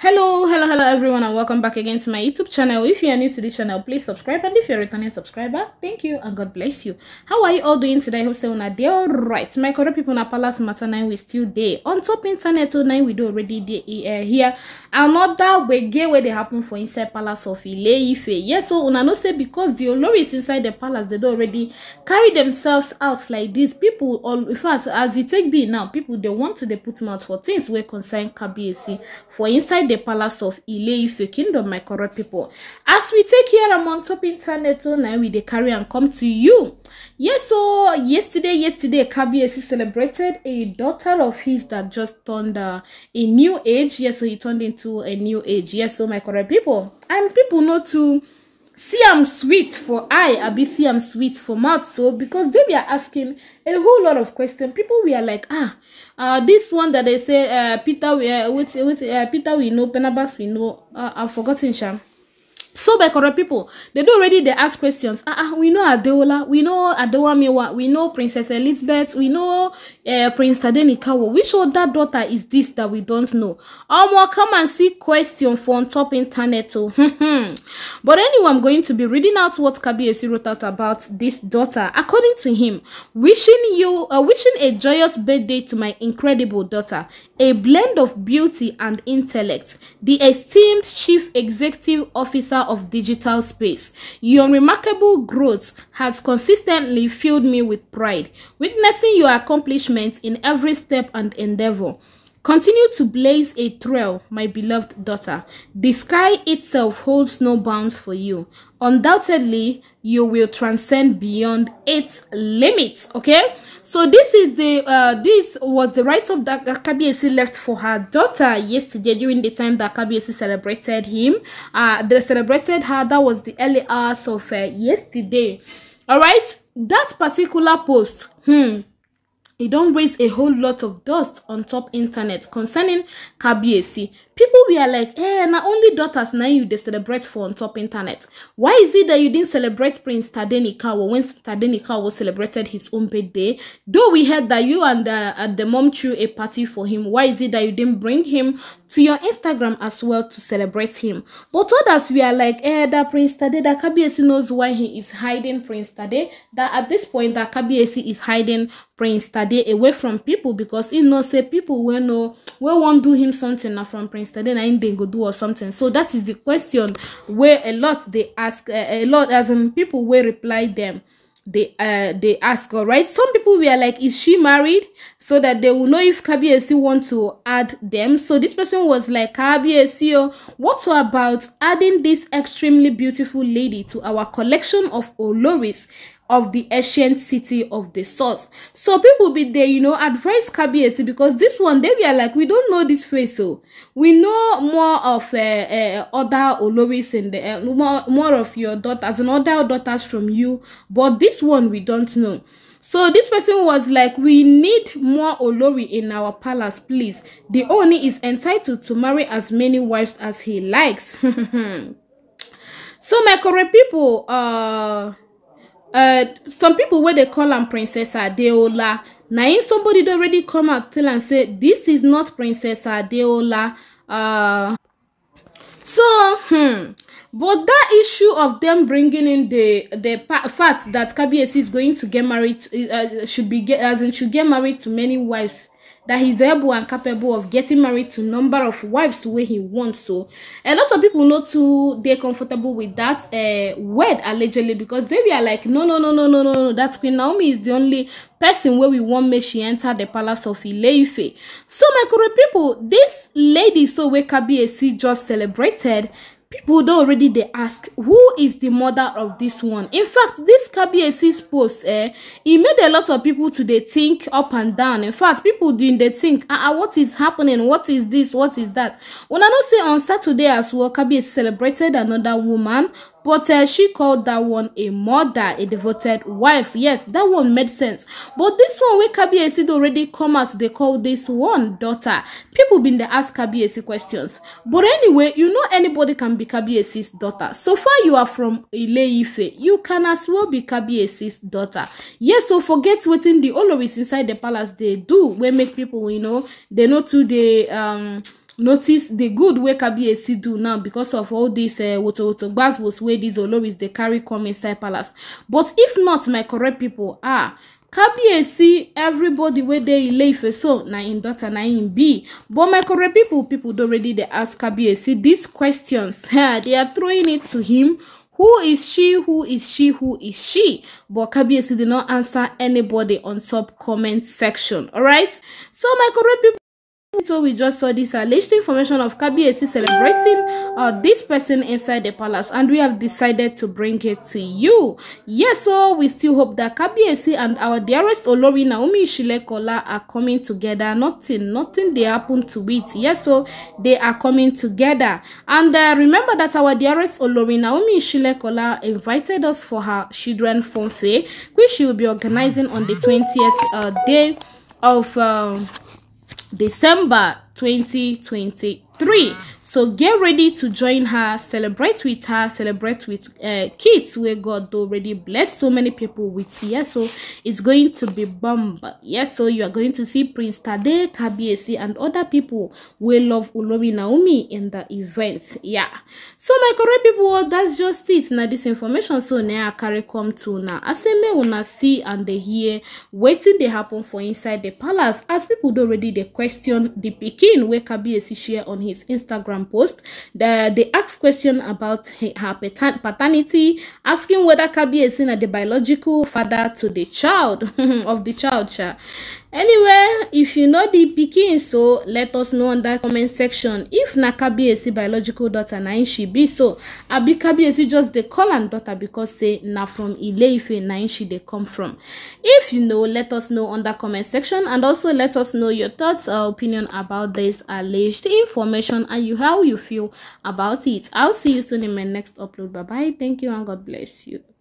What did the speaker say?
hello hello hello everyone and welcome back again to my youtube channel if you are new to the channel please subscribe and if you're a returning subscriber thank you and god bless you how are you all doing today i hope still not there all right my correct people the palace matter nine we still there on top internet oh nine we do already the uh, eh, here another get where they happen for inside palace of ileife yes so una know say because the oloris inside the palace they do already carry themselves out like these people all first, as it take be now people they want to they put mouth for things where concern kbac for inside the palace of Ile-Ife kingdom my correct people as we take here among top internet now we dey carry and come to you yes so yesterday yesterday Kabiyesi celebrated a daughter of his that just turned uh, a new age yes so he turned into a new age yes so my correct people and people know too see am sweet for eye abi see am sweet for mouth so because they were asking a whole lot of questions people were like ah uh, this one that they say uh, peter we uh, which, wait, uh, peter we know penabas we know uh, i've forgotten sham so by corrupt people they do already they ask questions ah uh, uh, we know adeola we know adewa miwa we know princess elizabeth we know uh, prince tadenikawa which other daughter is this that we don't know um well, come and see question for on top internet oh. hmm, hmm. but anyway i'm going to be reading out what kabiesi wrote out about this daughter according to him wishing you uh, wishing a joyous birthday to my incredible daughter a blend of beauty and intellect the esteemed chief executive officer of digital space. Your remarkable growth has consistently filled me with pride, witnessing your accomplishments in every step and endeavor. Continue to blaze a trail, my beloved daughter. The sky itself holds no bounds for you. Undoubtedly, you will transcend beyond its limits. Okay, so this is the uh, this was the write up that Akabiesi left for her daughter yesterday during the time that Akabiesi celebrated him. Uh, they celebrated her. That was the early hours of uh, yesterday. All right, that particular post. Hmm e don raise a whole lot of dust on top internet concerning kabiyesi people were like eh na only daughters Now you dey celebrate for on top internet why is it that you didn't celebrate prince tadenikawa when tadenikawa celebrated his own birthday though we heard that you and the, uh, the mom threw a party for him why is it that you didn't bring him to your instagram as well to celebrate him but others are like eh that prince tade that kbsc knows why he is hiding prince tade that at this point that kbsc is hiding prince tade away from people because he knows say people will know will want to do him something now from prince minister then im dey go do or something so that is the question wey a lot dey ask eh, eh, a lot as in people wey reply dem they uh they ask all right some people were like is she married so that they will know if kbac want to add them so this person was like kbac oh, what about adding this extremely beautiful lady to our collection of oloris of the ancient city of the source so people be there you know advise kabiyesi because this one they were like we don't know this face so oh. we know more of uh, uh, other oloris and uh, eh, more, more of your daughters and other daughters from you but this one we don't know so this person was like, we need more Olori in our palace, please. The Oni is entitled to marry as many wives as he likes. so my correct people, uh, uh, some people where they call am princess adeola na im somebody don already come out tell am say this is not princess adeola uh, so hmm, but that issue of them bringing in the the fact that kabiyesi is going to get married uh, should be get, as in should get married to many wives that he's able and capable of getting married to number of wives the way he wants so a lot of people not too they comfortable with that uh, word allegedly because they were like no no no no no no no that queen naomi is the only person where we want make she enter the palace of ile so my correct people this lady so where Kabiyesi just celebrated people don already dey ask who is the mother of this one in fact this kabiyesi's post eh e made a lot of people to dey think up and down in fact people bin dey think ah ah what is happening what is this what is that una know say on saturday as well kabiyesi celebrated another woman But uh, she called that one a mother, a devoted wife. Yes, that one made sense. But this one where Kabiyesi already come out, they call this one daughter. People been there ask Kabiyesi questions. But anyway, you know anybody can be Kabiyesi's daughter. So far you are from Ile-Ife, you can as well be Kabiyesi's daughter. Yes, so forget wetin the Oloris inside the palace They do wey make people, you know, they know to the um notice the good wey kabiyesi do now because of all these uh, wotowoto gbasgbos wey these oloris dey carry come inside palace but if not my correct people ah kabiyesi everybody wey dey ile-ife so na im daughter na im be but my correct people people don already dey ask kabiyesi these questions ah, they are throwing it to him who is she who is she who is she but kabiyesi did not answer anybody on top comment section all right so my correct people So we just saw this uh, alleged information of Kabiyesi celebrating uh, this person inside the palace and we have decided to bring it to you. Yes, so we still hope that Kabiyesi and our dearest Olori Naomi Ishilekola are coming together. Nothing, nothing they happen to it. Yes, so they are coming together. And uh, remember that our dearest Olori Naomi Ishilekola invited us for her children funfair, which she will be organizing on the 20th uh, day of... Uh, December 2023 So get ready to join her, celebrate with her, celebrate with uh, kids where God already blessed so many people with. Yeah, so it's going to be bomb. Yeah, so you are going to see Prince Tade, Kabiesi, and other people will love Ulobi Naomi in the event. Yeah. So my correct people, that's just it. Now this information so now I carry come to now. I say me una see and they hear waiting they happen for inside the palace as people already they question the Pekin where Kabiesi share on his Instagram Instagram post. The, they asked question about her paternity, asking whether Kabi is seen as the biological father to the child of the child. anyway if you know the pikin so let us know under comment section if na kabiyesi biological daughter na im she be so abi kabiyesi just dey call am daughter because say na from ile-ife na im she dey come from if you know let us know under comment section and also let us know your thoughts or opinion about this alleged information and you how you feel about it i'll see you soon in my next upload bye bye thank you and god bless you